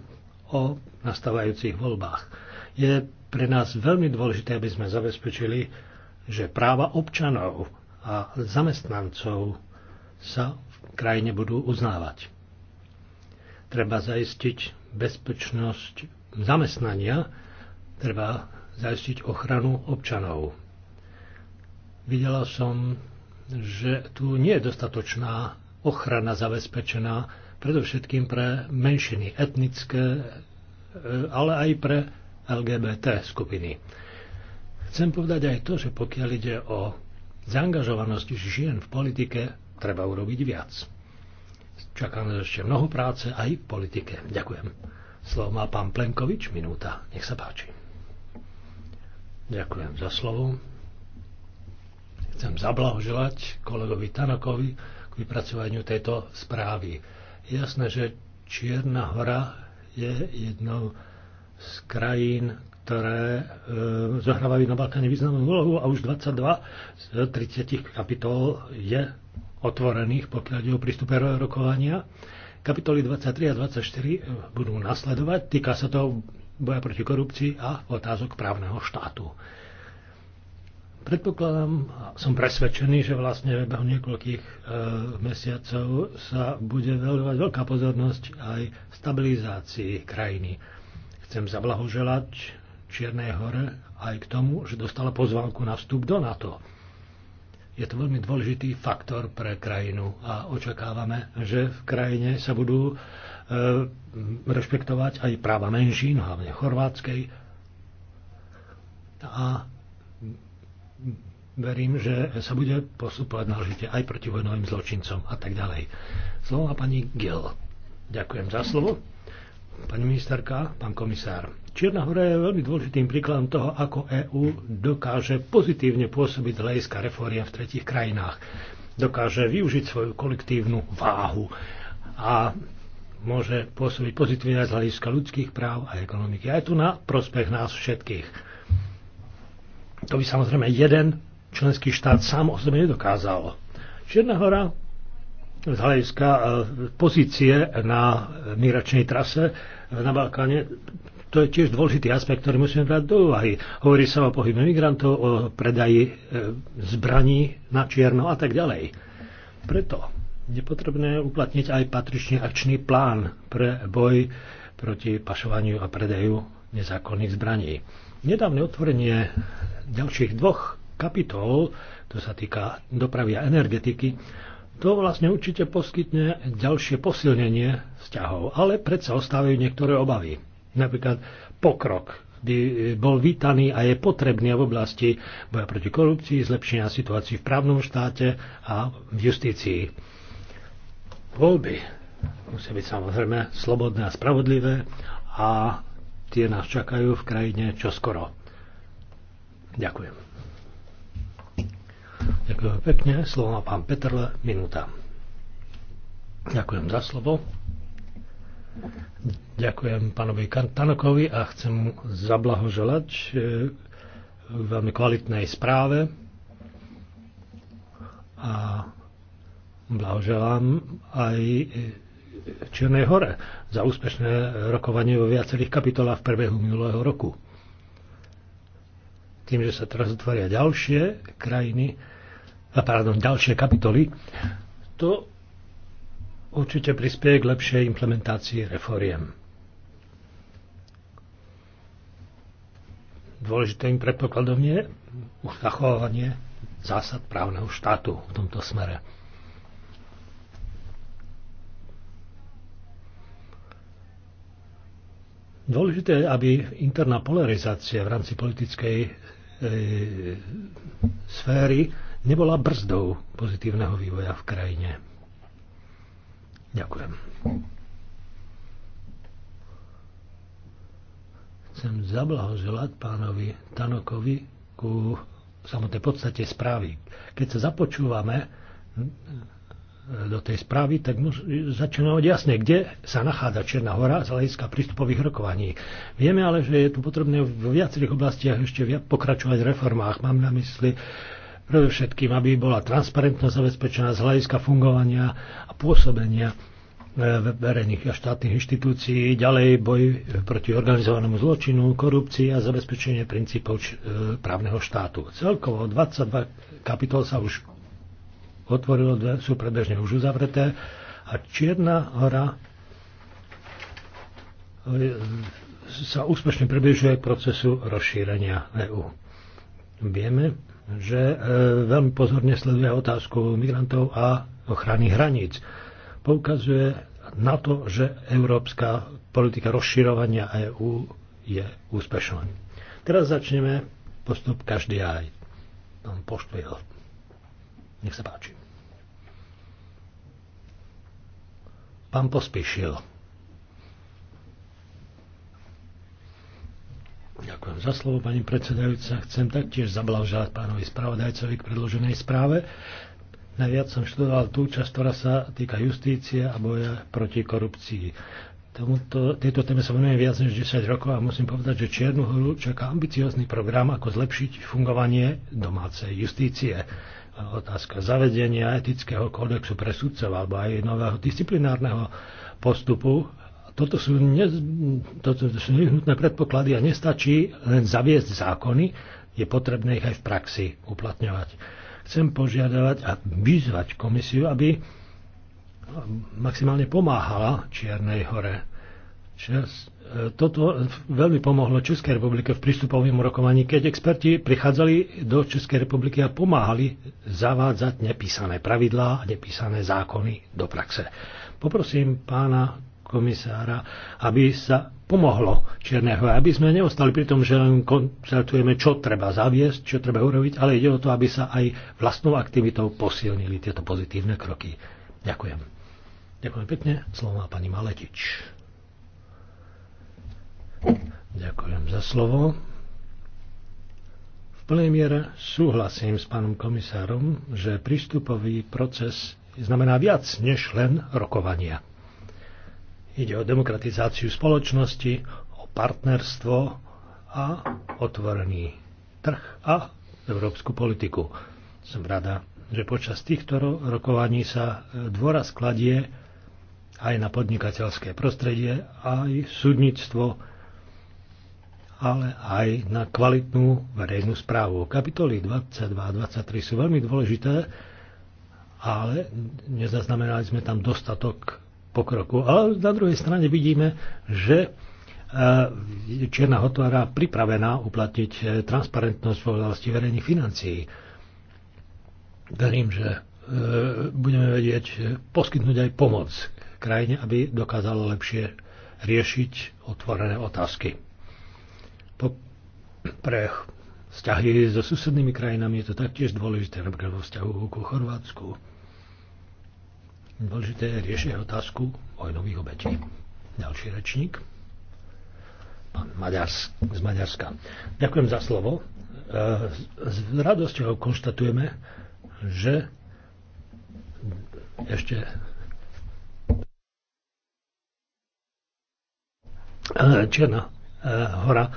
o nastávajúcich voľbách. Je pre nás veľmi dôležité, aby sme zabezpečili, že práva občanov a zamestnancov sa v krajine budú uznávať. Treba zaistiť bezpečnosť zamestnania, treba zajistiť ochranu občanov. Videla som, že tu nie je dostatočná ochrana zabezpečená predovšetkým pre menšiny etnické, ale aj pre LGBT skupiny. Chcem povedať aj to, že pokiaľ ide o zaangažovanosť žien v politike, treba urobiť viac. Čaká nás ešte mnoho práce aj v politike. Ďakujem. Slovo má pán Plenkovič, minúta. Nech sa páči. Ďakujem za slovo. Chcem zablahoželať kolegovi Tanakovi k vypracovaniu tejto správy. Je jasné, že Čierna hora je jednou z krajín, ktoré e, zohrávajú na Balkáne významnú úlohu a už 22 z 30 kapitol je otvorených, pokiaľ ide o prístupe rokovania. Kapitoly 23 a 24 e, budú nasledovať. Týka sa to boja proti korupcii a otázok právneho štátu. Predpokladám, som presvedčený, že vlastne v behu niekoľkých e, mesiacov sa bude veľovať veľká pozornosť aj stabilizácii krajiny. Chcem zablahoželať Čiernej hore aj k tomu, že dostala pozvánku na vstup do NATO. Je to veľmi dôležitý faktor pre krajinu a očakávame, že v krajine sa budú E, rešpektovať aj práva menšín, hlavne chorvátskej. A verím, že sa bude postupovať náležite aj proti vojnovým zločincom a tak ďalej. Slovo má pani Gil. Ďakujem za slovo. Pani ministerka, pán komisár. Čierna hora je veľmi dôležitým príkladom toho, ako EÚ dokáže pozitívne pôsobiť lejská reforie v tretich krajinách. Dokáže využiť svoju kolektívnu váhu a môže pôsobiť pozitívne z hľadiska ľudských práv a ekonomiky. Aj tu na prospech nás všetkých. To by samozrejme jeden členský štát sám o sebe nedokázal. Čierna hora z hľadiska e, pozície na migračnej trase na Balkáne, to je tiež dôležitý aspekt, ktorý musíme brať do úvahy. Hovorí sa o pohybe migrantov, o predaji e, zbraní na čierno a tak ďalej. Preto je potrebné uplatniť aj patričný akčný plán pre boj proti pašovaniu a predaju nezákonných zbraní. Nedávne otvorenie ďalších dvoch kapitol, to sa týka dopravy a energetiky, to vlastne určite poskytne ďalšie posilnenie vzťahov, ale predsa ostávajú niektoré obavy. Napríklad pokrok by bol vítaný a je potrebný v oblasti boja proti korupcii, zlepšenia situácií v právnom štáte a v justícii Voľby musia byť samozrejme slobodné a spravodlivé a tie nás čakajú v krajine čoskoro. Ďakujem. Ďakujem pekne. Slovo má pán Petrle, minúta. Ďakujem za slovo. Ďakujem pánovi Tanokovi a chcem mu zablahoželať e, veľmi kvalitnej správe. A Blahoželám aj Čiernej hore za úspešné rokovanie vo viacerých kapitolách v prebehu minulého roku. Tým, že sa teraz otvoria ďalšie krajiny, a pardon, ďalšie kapitoly, to určite prispieje k lepšej implementácii reforiem. Dôležitým predpokladom je už zachovanie zásad právneho štátu v tomto smere. Dôležité, aby interná polarizácia v rámci politickej e, sféry nebola brzdou pozitívneho vývoja v krajine. Ďakujem. Chcem zablahoželať pánovi Tanokovi ku samotnej podstate správy. Keď sa započúvame do tej správy, tak začína od jasne, kde sa nachádza Černá hora z hľadiska prístupových rokovaní. Vieme ale, že je tu potrebné v viacerých oblastiach ešte viac pokračovať v reformách. Mám na mysli predovšetkým, aby bola transparentnosť zabezpečená z hľadiska fungovania a pôsobenia e, verejných a štátnych inštitúcií, ďalej boj proti organizovanému zločinu, korupcii a zabezpečenie princípov e, právneho štátu. Celkovo 22 kapitol sa už otvorilo, dve sú predbežne už uzavreté. A Čierna hora e, sa úspešne približuje k procesu rozšírenia EÚ. Vieme, že e, veľmi pozorne sleduje otázku migrantov a ochrany hraníc. Poukazuje na to, že európska politika rozširovania EÚ je úspešná. Teraz začneme postup každý aj. Pán Poštviel. Nech sa páči. Pán pospíšil. Ďakujem za slovo, pani predsedajúca. Chcem taktiež zablahoželať pánovi spravodajcovi k predloženej správe. Najviac som študoval tú časť, ktorá sa týka justície a boja proti korupcii. Tomuto, tejto téme sa venujem viac než 10 rokov a musím povedať, že Čiernu horu čaká ambiciózny program, ako zlepšiť fungovanie domácej justície otázka zavedenia etického kódexu pre sudcov alebo aj nového disciplinárneho postupu. Toto sú, ne, toto sú nevyhnutné predpoklady a nestačí len zaviesť zákony, je potrebné ich aj v praxi uplatňovať. Chcem požiadavať a vyzvať komisiu, aby maximálne pomáhala Čiernej hore E, toto veľmi pomohlo Českej republike v prístupovom rokovaní, keď experti prichádzali do Českej republiky a pomáhali zavádzať nepísané pravidlá a nepísané zákony do praxe. Poprosím pána komisára, aby sa pomohlo Čierneho, aby sme neostali pri tom, že len koncertujeme, čo treba zaviesť, čo treba urobiť, ale ide o to, aby sa aj vlastnou aktivitou posilnili tieto pozitívne kroky. Ďakujem. Ďakujem pekne. Slovo má pani Maletič. Ďakujem za slovo. V plnej miere súhlasím s pánom komisárom, že prístupový proces znamená viac než len rokovania. Ide o demokratizáciu spoločnosti, o partnerstvo a otvorený trh a európsku politiku. Som rada, že počas týchto rokovaní sa e, dôraz kladie aj na podnikateľské prostredie, aj súdnictvo, ale aj na kvalitnú verejnú správu. Kapitoly 22 a 23 sú veľmi dôležité, ale nezaznamenali sme tam dostatok pokroku. Ale na druhej strane vidíme, že e, Čierna hotvára pripravená uplatniť e, transparentnosť v oblasti verejných financií. Verím, že e, budeme vedieť poskytnúť aj pomoc krajine, aby dokázala lepšie riešiť otvorené otázky. Pre vzťahy so susednými krajinami je to taktiež dôležité, napríklad vo vzťahu ku Chorvátsku. Dôležité je riešiť otázku vojnových obetí. Ďalší rečník. Pán Maďars, z Maďarska. Ďakujem za slovo. E, s radosťou konštatujeme, že ešte e, Čierna e, hora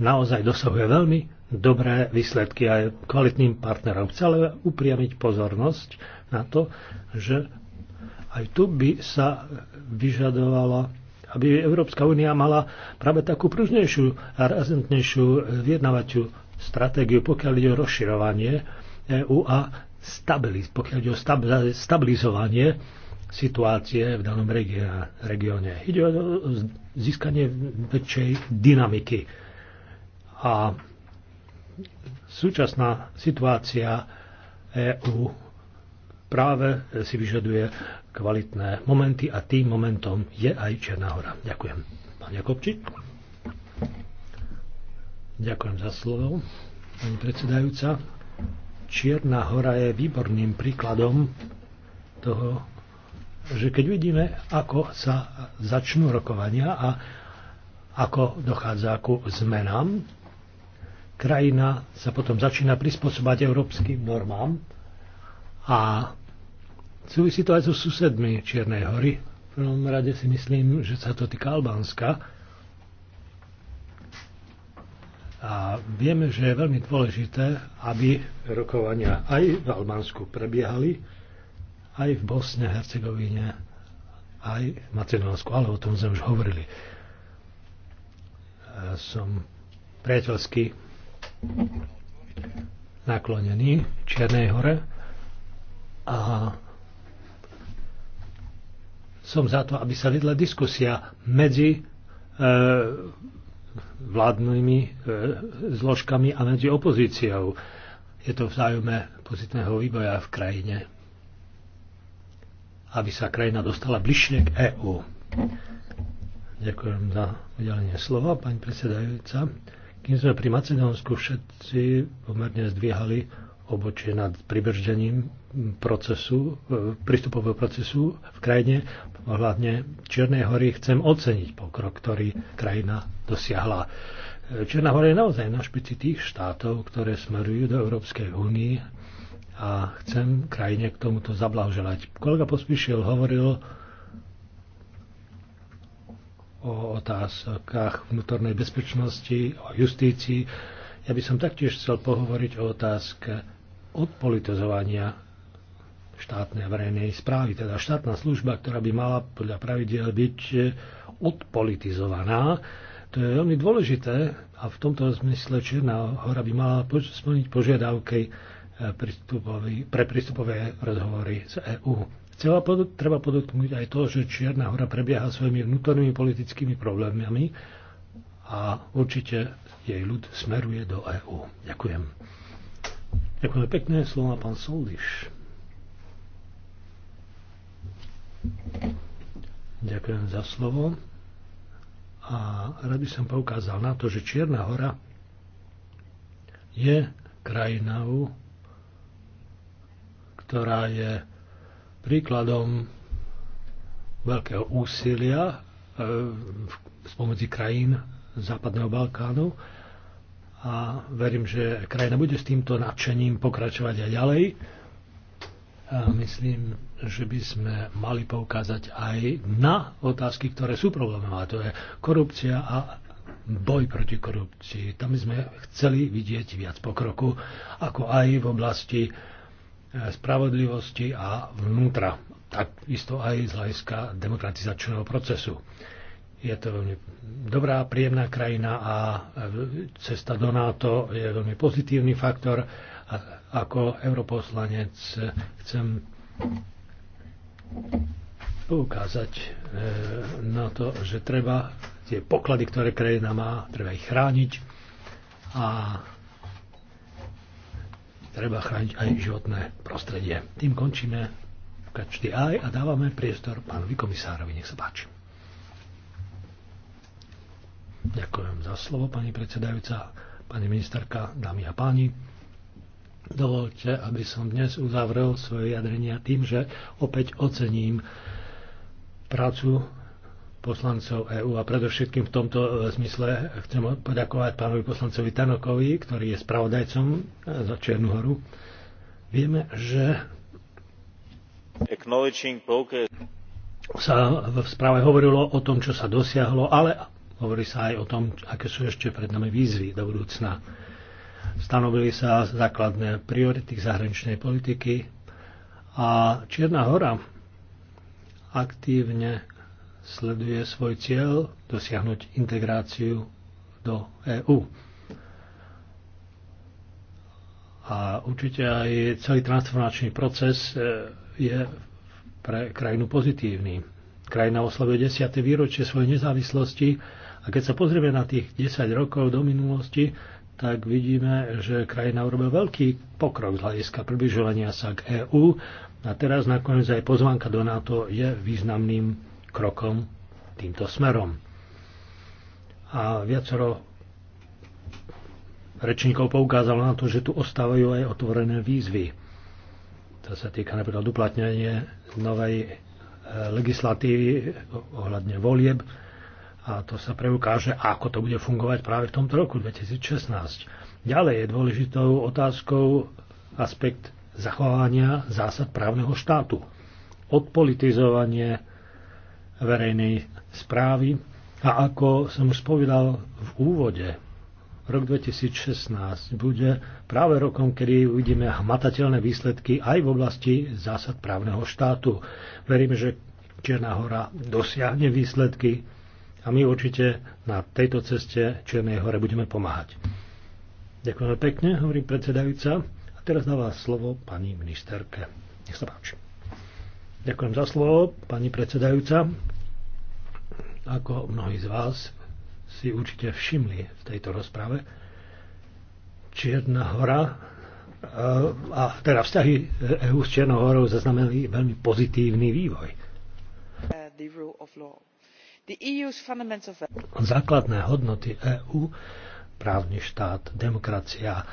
naozaj dosahuje veľmi dobré výsledky a je kvalitným partnerom. Chcem upriamiť pozornosť na to, že aj tu by sa vyžadovala, aby Európska únia mala práve takú pružnejšiu a razentnejšiu vyjednávaciu stratégiu, pokiaľ ide o rozširovanie EU a stabiliz, pokiaľ ide o stabilizovanie situácie v danom regióne. Ide o získanie väčšej dynamiky a súčasná situácia EU práve si vyžaduje kvalitné momenty a tým momentom je aj Černá hora. Ďakujem. Pán Jakobči. Ďakujem za slovo, pani predsedajúca. Čierna hora je výborným príkladom toho, že keď vidíme, ako sa začnú rokovania a ako dochádza ku zmenám krajina sa potom začína prispôsobať európskym normám a súvisí to aj so susedmi Čiernej hory. V prvom rade si myslím, že sa to týka Albánska. A vieme, že je veľmi dôležité, aby rokovania aj v Albánsku prebiehali, aj v Bosne, Hercegovine, aj v Macedónsku, ale o tom sme už hovorili. E, som priateľsky naklonený v Čiernej hore a som za to, aby sa vedla diskusia medzi e, vládnymi e, zložkami a medzi opozíciou. Je to vzájome pozitného vývoja v krajine, aby sa krajina dostala bližšie k EÚ. Ďakujem za udelenie slova, pani predsedajúca. Kým sme pri Macedónsku všetci pomerne zdvíhali obočie nad pribržením procesu, e, prístupového procesu v krajine, hlavne Čiernej hory, chcem oceniť pokrok, ktorý krajina dosiahla. E, Čierna hora je naozaj na špici tých štátov, ktoré smerujú do Európskej únie a chcem krajine k tomuto zablahoželať. Kolega Pospíšil hovoril o otázkach vnútornej bezpečnosti, o justícii. Ja by som taktiež chcel pohovoriť o otázke odpolitizovania štátnej verejnej správy, teda štátna služba, ktorá by mala podľa pravidel byť odpolitizovaná. To je veľmi dôležité a v tomto zmysle Čierna hora by mala splniť požiadavky eh, pre prístupové rozhovory z EÚ. Chcela pod, treba podotknúť aj to, že Čierna hora prebieha svojimi vnútornými politickými problémami a určite jej ľud smeruje do EÚ. Ďakujem. Ďakujem pekné slova pán Soldiš. Ďakujem za slovo. A rád by som poukázal na to, že Čierna hora je krajinou, ktorá je Príkladom veľkého úsilia e, spomedzi krajín Západného Balkánu a verím, že krajina bude s týmto nadšením pokračovať aj ďalej. A myslím, že by sme mali poukázať aj na otázky, ktoré sú problémom, to je korupcia a boj proti korupcii. Tam sme chceli vidieť viac pokroku, ako aj v oblasti spravodlivosti a vnútra. Takisto aj z hľadiska demokratizačného procesu. Je to veľmi dobrá, príjemná krajina a e, cesta do NATO je veľmi pozitívny faktor. A ako europoslanec chcem poukázať e, na to, že treba tie poklady, ktoré krajina má, treba ich chrániť a treba chrániť aj životné prostredie. Tým končíme každý aj a dávame priestor pánovi komisárovi. Nech sa páči. Ďakujem za slovo, pani predsedajúca, pani ministerka, dámy a páni. Dovolte, aby som dnes uzavrel svoje jadrenia tým, že opäť ocením prácu poslancov EÚ a predovšetkým v tomto e, zmysle chcem poďakovať pánovi poslancovi Tanokovi, ktorý je spravodajcom e, za Černú horu. Vieme, že sa v správe hovorilo o tom, čo sa dosiahlo, ale hovorí sa aj o tom, aké sú ešte pred nami výzvy do budúcna. Stanovili sa základné priority zahraničnej politiky a Čierna hora aktívne sleduje svoj cieľ dosiahnuť integráciu do EÚ. A určite aj celý transformačný proces e, je pre krajinu pozitívny. Krajina oslavuje 10. výročie svojej nezávislosti a keď sa pozrieme na tých 10 rokov do minulosti, tak vidíme, že krajina urobila veľký pokrok z hľadiska približovania sa k EÚ a teraz nakoniec aj pozvanka do NATO je významným krokom týmto smerom. A viacero rečníkov poukázalo na to, že tu ostávajú aj otvorené výzvy. To sa týka napríklad uplatnenie novej e, legislatívy ohľadne volieb a to sa preukáže, ako to bude fungovať práve v tomto roku 2016. Ďalej je dôležitou otázkou aspekt zachovania zásad právneho štátu, odpolitizovanie verejnej správy. A ako som už spovedal v úvode, rok 2016 bude práve rokom, kedy uvidíme hmatateľné výsledky aj v oblasti zásad právneho štátu. Verím, že Černá hora dosiahne výsledky a my určite na tejto ceste Černej hore budeme pomáhať. Ďakujem pekne, hovorí predsedajúca. A teraz dáva slovo pani ministerke. Nech sa páči. Ďakujem za slovo, pani predsedajúca. Ako mnohí z vás si určite všimli v tejto rozprave, Čierna hora eh, a teda vzťahy EU s Čiernou horou zaznamenali veľmi pozitívny vývoj. E Základné hodnoty EU, právny štát, demokracia,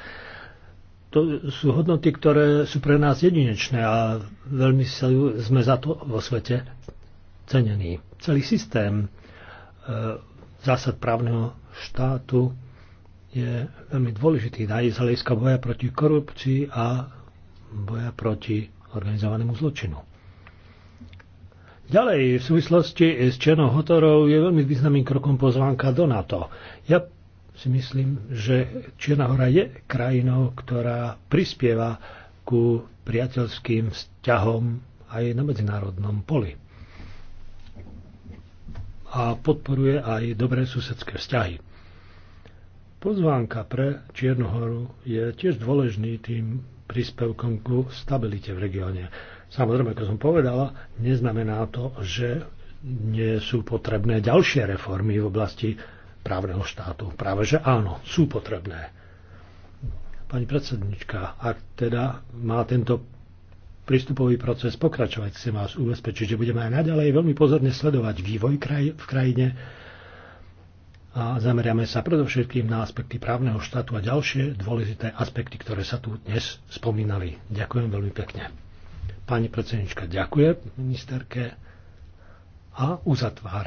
to sú hodnoty, ktoré sú pre nás jedinečné a veľmi sme za to vo svete cenení. Celý systém E, zásad právneho štátu je veľmi dôležitý aj z hľadiska boja proti korupcii a boja proti organizovanému zločinu. Ďalej, v súvislosti s Černou Hotorou je veľmi významným krokom pozvánka do NATO. Ja si myslím, že Čierna hora je krajinou, ktorá prispieva ku priateľským vzťahom aj na medzinárodnom poli a podporuje aj dobré susedské vzťahy. Pozvánka pre Čiernohoru je tiež dôležný tým príspevkom ku stabilite v regióne. Samozrejme, ako som povedala, neznamená to, že nie sú potrebné ďalšie reformy v oblasti právneho štátu. Práve že áno, sú potrebné. Pani predsednička, ak teda má tento prístupový proces pokračovať. Chcem vás ubezpečiť, že budeme aj naďalej veľmi pozorne sledovať vývoj kraj, v krajine a zameriame sa predovšetkým na aspekty právneho štátu a ďalšie dôležité aspekty, ktoré sa tu dnes spomínali. Ďakujem veľmi pekne. Pani predsednička, ďakujem ministerke a uzatváram.